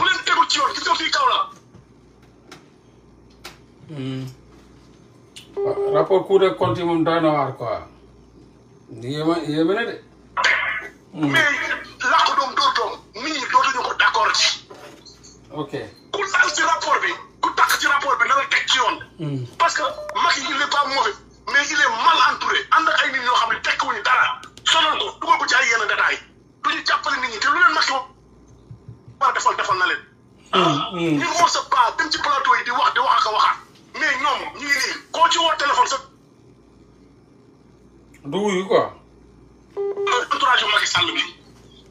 bu leen tegul ci yoon gis nga fii kaw la. Hmm. rapport Cour des comptes moom doy na waar quoi. yéeme yéeme na de. Hmm. mais làkk doom dóor doom nit ñi dootuñu ko d' accord ci. ok ku laal ci rapport bi ku takk ci rapport bi na la teg ci yoon. Hmm. parce que Macky il n' est pas mauvais mais il est mal entouré ànd ak ay nit ñoo xam ne tekkiwuñu dara sonal ko dugal ko ci ay yenn détails duñu jàppale nit ñi te lu leen Macky war a defal defal na leen. ñun on se bat dem ci plateau yi di wax di wax ak a waxaat mais ñoom ñu ngi nii koo ci woo téléphone sa. du wuyu quoi. entourage Macky Sall bi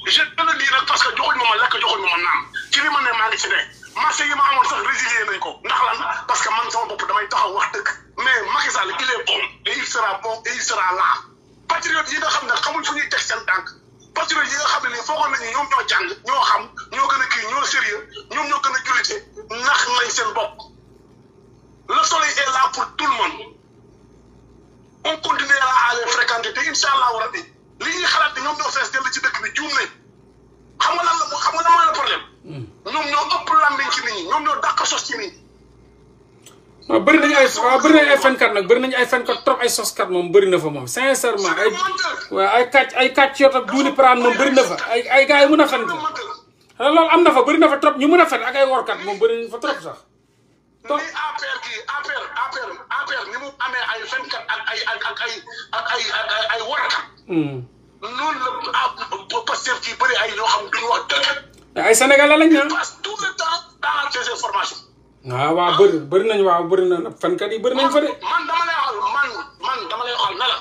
je le dis nag parce que joxuñ ma ma lekk joxuñ ma ma naan ci li ma ne maa ngi ci ne marché yi ma amoon sax résilier nañ ko ndax lan parce que man sama bopp damay taxaw wax dëgg mais Macky Sall il est bon et il sera bon et il sera là patriote xam ne xamuñ fu ñuy teg seen tànk. patriote yi nga xam ne nii foogoon nañu ñoom ñoo jàng ñoo xam ñoo gën a ñoo sérieux ñoom ñoo gën a nax nañ seen bopp le soleil est pour tout le monde on continuera à les fréquenter te incha allahu rabi li ñuy xalaat ñoom ñoo fees dell ci dëkk bi juum nañ xam nga xam nga lan mooy le problème hmm. ñoom ñoo ëpp lambiñ ci nit ñi ñoom ñoo dàq sos waaw bëri nañu ay waaw bëri nañu ay fenkat nag bëri nañu ay fenkat trop ay soskat moom bëri na fa moom sincèrement ay waaw ay kàcc ay kàcc yoo na fa ay ay gars yi a ah, am na fa bëri na fa trop ñu mën a fen ak ay workat moom bëri nañ fa trop sax donc amee ay fenkat ak ay ak ak ay ak ay ay hmm. la ah Pastef kii bëri ay ñoo xam duñu wax dëgg. lañ ñu ah. tout le temps ah waaw bëri bëri nañ waaw bëri na nag fankat yi bëri nañ fa de. man dama lay xal man man dama lay xal ne la.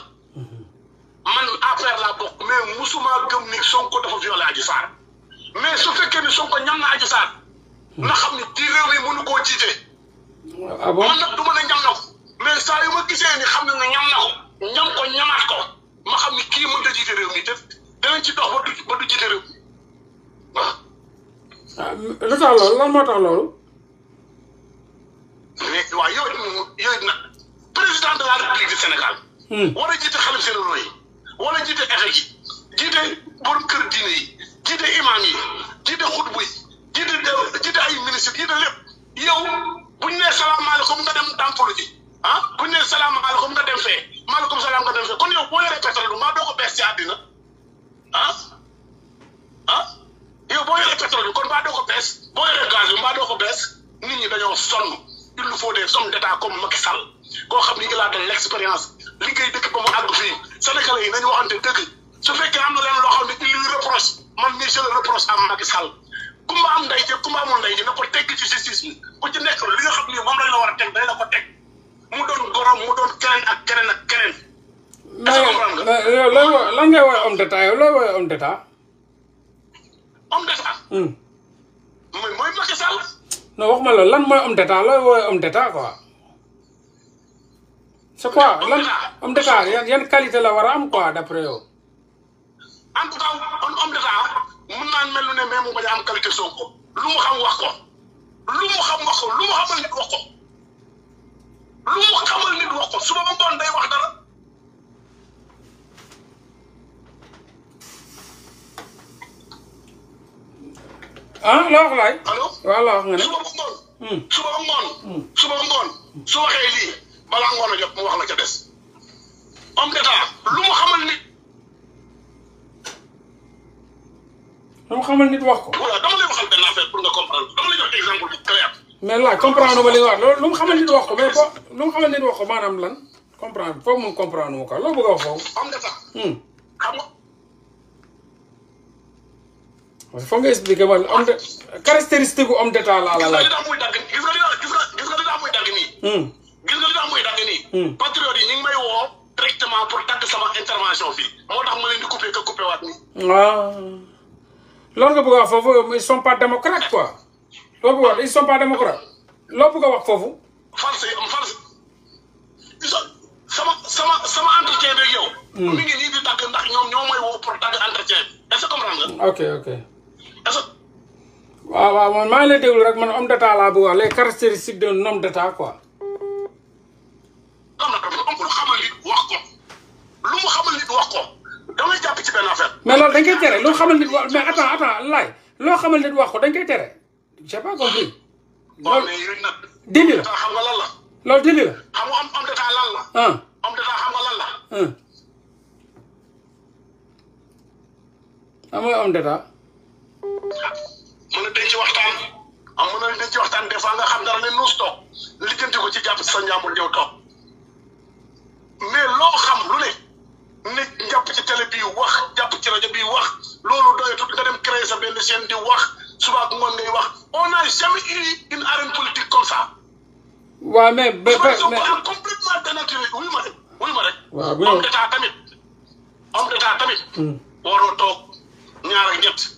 man affaire laa bokk mais musuma gëm ni Sonko dafa violé Adji Sarr mais su fekkee ni Sonko ñam na Adji Sarr. na xam ni di réew mi mënu koo jiite. Ah man nag du ma ne ñam na ko mais saa yu ma gisee ni xam ne ñam na ko ñam ko ñamaat ko ma xam ni kii mënut jiite réew mi te danañ ci dox ba du ba du jiite réew mi waaw. Ah, loolu moo tax loolu. mais waaw yow yooyu nag président de la Sénégal. Hmm. war a jiite xalif généraux yi war a jiite état yi jiite borom kër diine yi jiite imam yi jiite xutbu yi jiite jiite ay ministre jiite lépp yow buñ nee salaamaaleykum nga dem dàmpalu ji ah buñ nee salaamaaleykum nga dem fee maaleykum salaam nga dem fee kon yow boo yoree pétrole bi maa doo ko bees ci àddina ah ah yow boo yoree pétrole bi kon maa doo ko bees boo yoree gaz bi doo ko bees nit ñi dañoo sonn. il nous faut des hommes d'État comme Macky Sall koo xam il a de l'expérience liggéey dëkk ba mu àgg fii sénégalais yi nañu waxante dëgg su fekkee am na leen loo xam ne il lui reproche man je le reproche à Macky Sall ku ma am ndey ji ku ma amul ndey ji na ko tegg ci justice bi ku ci nekk li nga xam ni moom lañ la war a teg dañ la ko teg mu doon gorom mu doon keneen ak keneen ak keneen. mais lan ngay woowee homme d'état yow looy woowee homme d'état. homme d'état. Hmm. mooy mooy Macky Sall. non wax ma loolu lan mooy homme d'état looy woowee homme d'état quoi c'est quoi lan homme d'état yan yan la war a am quoi d'après yow. en tout cas homme d'état mun naan mel ne mais mu bañ a am qualité Sonko lu mu xam wax lu mu xam wax lu mu xamal nit wax ko lu mu xamal nit wax ko suba ba ngoon day wax dara. ah la wax laay. allo waaw wax nga ne. suba ba ngoon. Hmm. suba ba ngoon. Hmm. suba ba ngoon su waxee lii balaa ngoon a mu wax la ca des. homme d'état lu mu xamal nit. lu mu xamal nit wax ko. voilà dama lay lu mu xamal nit wax ko mais fo lu mu xamal nit wax ko maanaam lan comprendre foofu moom comprendre mu ko loolu bëgg a wax foofu. homme d'état. Hmm. xam nga. parce que foog nga expliquer man homme de caractéristique gu homme d'état laa la laaj. gis nga li tax muy dagg gis nga li tax gis nga li tax muy dagg nii. gis nga li tax muy dagg nii. Hmm. Hmm. patriote yi ñu ngi may woo directement pour dagg sama intervention fii moo tax ma leen di couper ka couper waat nii. waaw ah. loolu nga bëgg a wax foofu ils sont pas démocrates quoi loolu bëgg a wax ils sont pas démocrates loo bëgg a wax foofu. false false sama sama sama entretien beeg yow. Hmm. mi ngi nii di dagg ndax ñoom ñoo may woo pour dagg entretien bi est-ce que comprendre nga. ok ok. waaw waaw man maa ngi lay déglu rek man homme d'état laa bëgg wax les caractéristiques d'un homme d'état quoi. xam ko lu mu loolu dañ koy tere loo xamal nit wax mais attends attends laay loo xamal nit wax ko dañ tere j'ai pas compris. loolu loolu dindi la. la. homme d'état xam nga lan la. ah mooy homme d'état. mën a denc waxtaan am ah, mën a denc waxtaan des nga xam dara ne nuus toog lijjanti ko ci jàpp sa njàmbur yow toog mais loo xam lu ne nit jàpp ci télé bi wax jàpp ci rajo bi wax loolu doyatul nga dem créer sa benn chaîne di wax suba ak ngoon wax on n'a jamais eu une arène politique comme ça. waaw ma rek wuyu ma rek. waaw bu homme d'état tamit homme d'état hmm. toog ñaar ak ñett.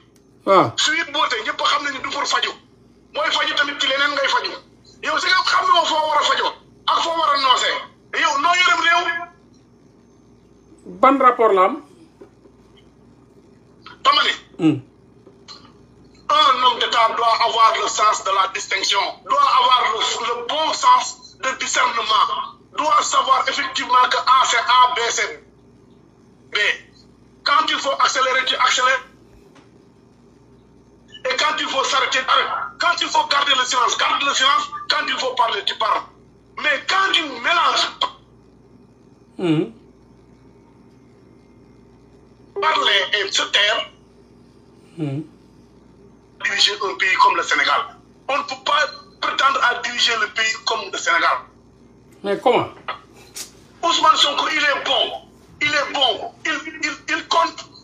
waaw su it ñëpp xam nañu du pour faju mooy faju tamit ci leneen ngay faju yow si nga xam ne foo war a fajoo ak foo war a noosee yow noo yërëm réew. ban rapport la am. dama hmm. un homme d'État doit avoir le sens de la distinction doit avoir le le bon sens de discernement doit savoir effectivement que A c'est A B c'est B quand il faut accélérer tu accélères. Et quand il faut s'arrêter, Quand il faut garder le silence, garde le silence. Quand il faut parler, tu parles. Mais quand tu mélanges hmm. parler et se taire, hmm. diriger un pays comme le Sénégal. On ne peut pas prétendre à diriger le pays comme le Sénégal. Mais comment Ousmane Sonko, il est bon. Il est bon. Il, il, il compte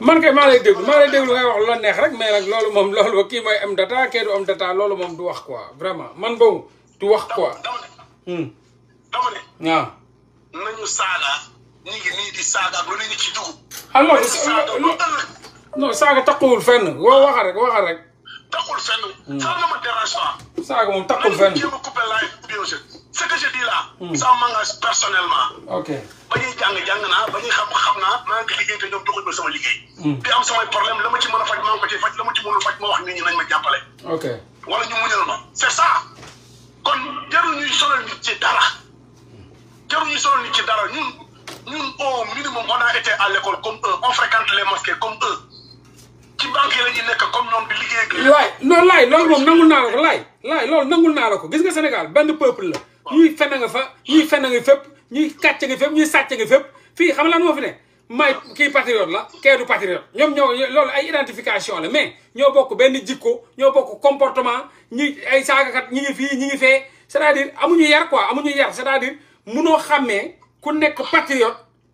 man kay maa lay déglu maa lay déglu ngay wax la neex rek mais nag loolu moom loolu kii mooy am data kii du am data loolu moom du wax ko vraiment man boobu du wax quoi. dama ne. Hmm. waaw. nañu saaga. ñu ngi nii di saaga lu ne ñu ci dugub. ah non non saaga taxawul fenn rek waxal rek. taxul fenn. Hmm. ça ne me dérange pas. saaga moom taxul fenn jéem a couper live vidéo ce que je dis là. Hmm. ça m'engage ok ba ñuy jàng jàng naa ba ñuy xam xam naa maa ngi liggéey te ñoom ma sama hmm. la ma ci mën a faj maa ngi ko ci faj la ma ci mënul faj ma wax nit ñi ma jàppale. ok wala ñu muñal ma c'est ça. kon jarul ñuy sonal nit ci dara jarul ñuy sonal nit ci dara ñun o au minimum on a été à l'école comme eux on fréquente les comme eux. ci banque yi la ñuy nekk comme ñoom di liggéey laay loolu moom nangul naa la ko laay laay loolu nangul naa la ko gis nga Sénégal benn peuple la. ñuy fen nga fa ñuy fen nga fépp ñuy kàcce ngi fépp ñuy sàcce nga fépp fii xam lan moo fi ne may kii patriote la kee du patriote ñoom ñoo loolu ay identification la mais ñoo bokk benn jikko ñoo bokk comportement ñi ay saagakat ñi ngi fii ñi ngi fee c'est-à-dire amuñu yar quoi amuñu yar c'est-à-dire munoo xàmmee ku nekk patriote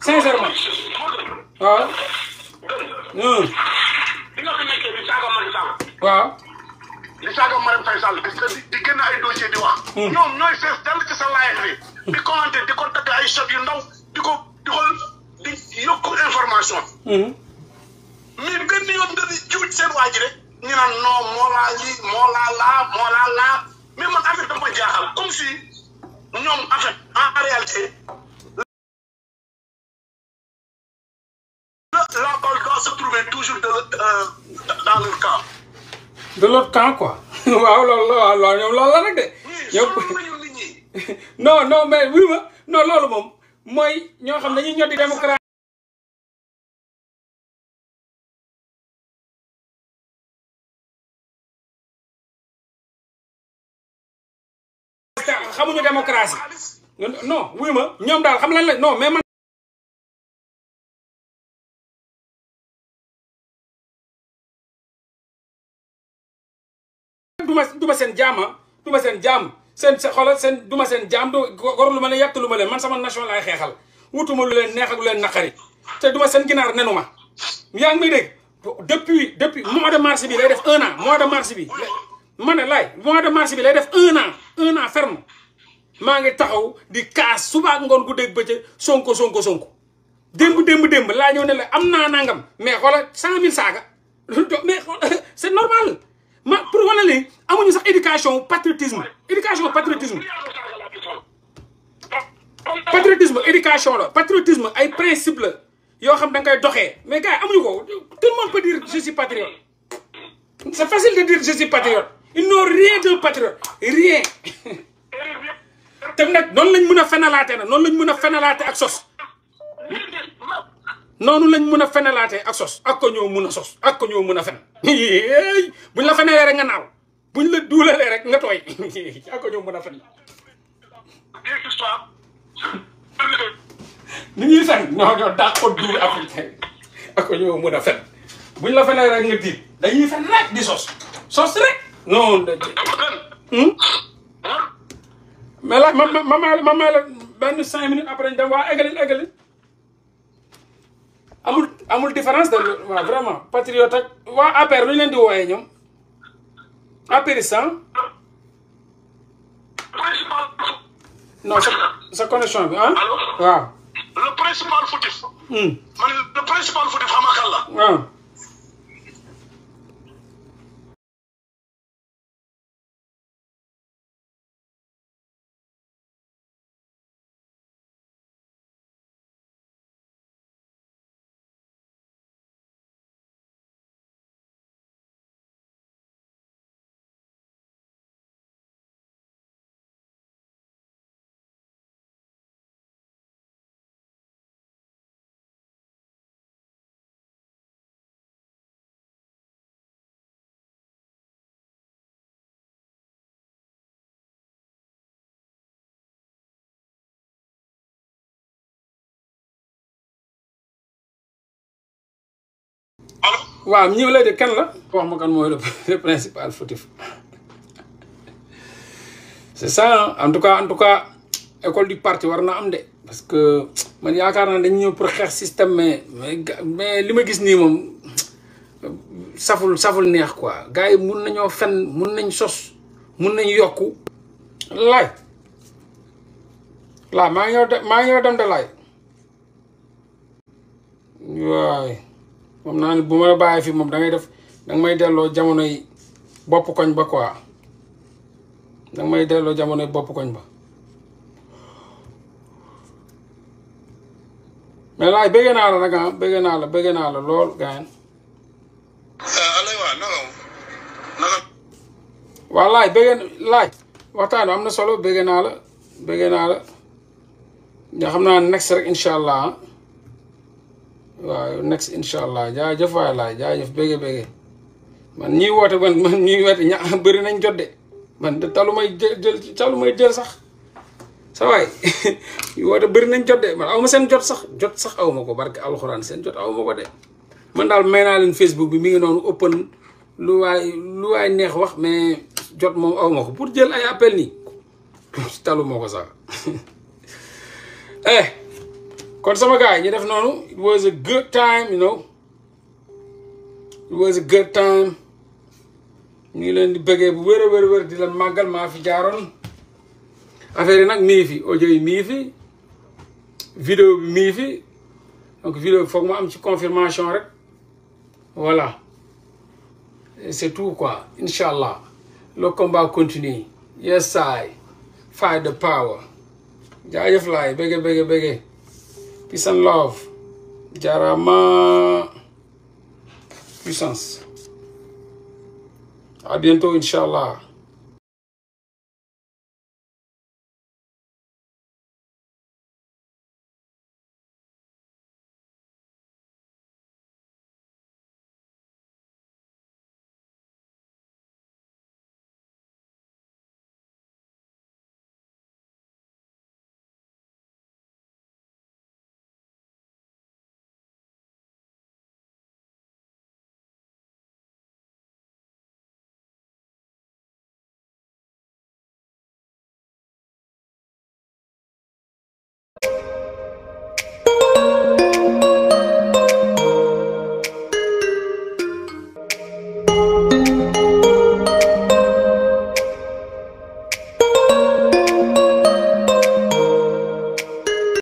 sincèrement waaw. non. Hmm. li saaga Macky Sall. waaw. di saaga Marème di di génn ay dossier di wax. Hmm. ñoom ñooy fees dal ci sa live di commenté di ko yu ndaw di ko ko di yokku information. Hmm. mais gën yoon nga di jiw rek. ñu naan non moo laa lii moo laa laa moo laa si ñoom en fait en réalité. la balle toujours de, euh, dans leur camp. de leur camp quoi. waaw loolu la waaw loolu la rek de. non non mais wuyu non loolu moom mooy ñoo xam dañuy ñoddi démocratie. xamuñu démocratie non wuyu ñoom daal xam la non mais duma duma sen jaama duma sen jaam sen xoolal sen duma sen jaam do gor ma ne yàtt lu ma man sama nation lay xexal wutuma lu len neex ak lu len nakari te duma sen ginar nenuma ma yaa ngi may depuis depuis mois de mars bi lay def 1 an mois de mars bi ma lay mois de mars bi lay def 1 an 1 an ferme ma ngi taxaw di kaas suba ak ngoon gu dégg bëccëg sonko sonko sonko demb demb demb la ñëw ne la amna nangam mais xoola 100000 saga mais c'est normal mais pour wane amuñu sax éducation patriotisme éducation patriotisme. patriotisme éducation la patriotisme ay principe la yo xam un koy mais gars amuñu ko tout le monde peut dire je suis patriote. c'est facile de dire je suis patriote ils n'ont rien de patriote rien. te non non lañ mëna fénalaté fenalaatee non lañ mëna fénalaté ak sos. noonu lañ mën a fenelaate ak sos ak ko ñoo mën a sos ak ko ñoo mën a fen buñ la fenelee rek nga naaw buñ la duulalee rek nga tooy ak ko ñoo mën a fen ni ñuy fen ñoo ñoo daa ko duul ak ko ñoo mën a fen buñ la fenee rek nga diit dañuy fen rek di sos sos rek non mais la ma ma ma ma la benn cinq minutes après dem waa eggalin eggalin amul amul différence de waaw vraiment patriote ak waa APR lu ñu leen di wooyee ñoom apérissant non sa sa connexion bi ah waaw le principal fautif hmm. man le principal fautif xam la waaw waaw ñëw la de kan la wax ma kan mooy le principal fautif c'est ça en tout cas en tout cas école du parti war na am de parce que man yaakaar naa dañ ñëw pour xeex système mais mais li ma gis nii moom saful saful neex quoi gars mun nañoo fen mun nañ sos mun nañ yokku laay laa maa ngi maa ngi ñëw dem de laay waay moom naa ne bu ma bàyyi fii moom dangay def danga may delloo jamonoy bopp koñ ba quoi da may delloo jamonoy bopp koñ ba. mais laay bëgg naa la nag ah bëgg naa la naa la lool gaan eh, waaw laaj bëgg am na solo bëgg naa la bëgg naa la nga xam naa ni next rek incha allah waaw next incha allah jaajëf waay laay jaajëf bége bége man ñiy woote man man ñuy woote ña bëri nañ jot de man de talu may jël talu may jël sax sa waay woote bëri nañ jot de man aw ma seen jot sax jot sax awma ma ko barke alxuraan seen jot aw ma ko de. man daal may naa leen Facebook bi mi ngi noonu open lu waay lu waay neex wax mais jot moom aw ma ko pour jël ay appel nii talu ko sax eh, kon sama gars yi def noonu it was a good time you know it was a good time ñu ngi leen di bëggee bu wér a di leen màggal maa fi jaaroon affaire yi nag mii fi audio yi mii fi vidéo bi mii fi donc vidéo bi foog mu am ci confirmation rek voilà c'est tout quoi incha allah le combat continue yes I fight the power jaajëf laay bëgge bëgge bëgge peace and love jaarama puissance à bientôt incha allah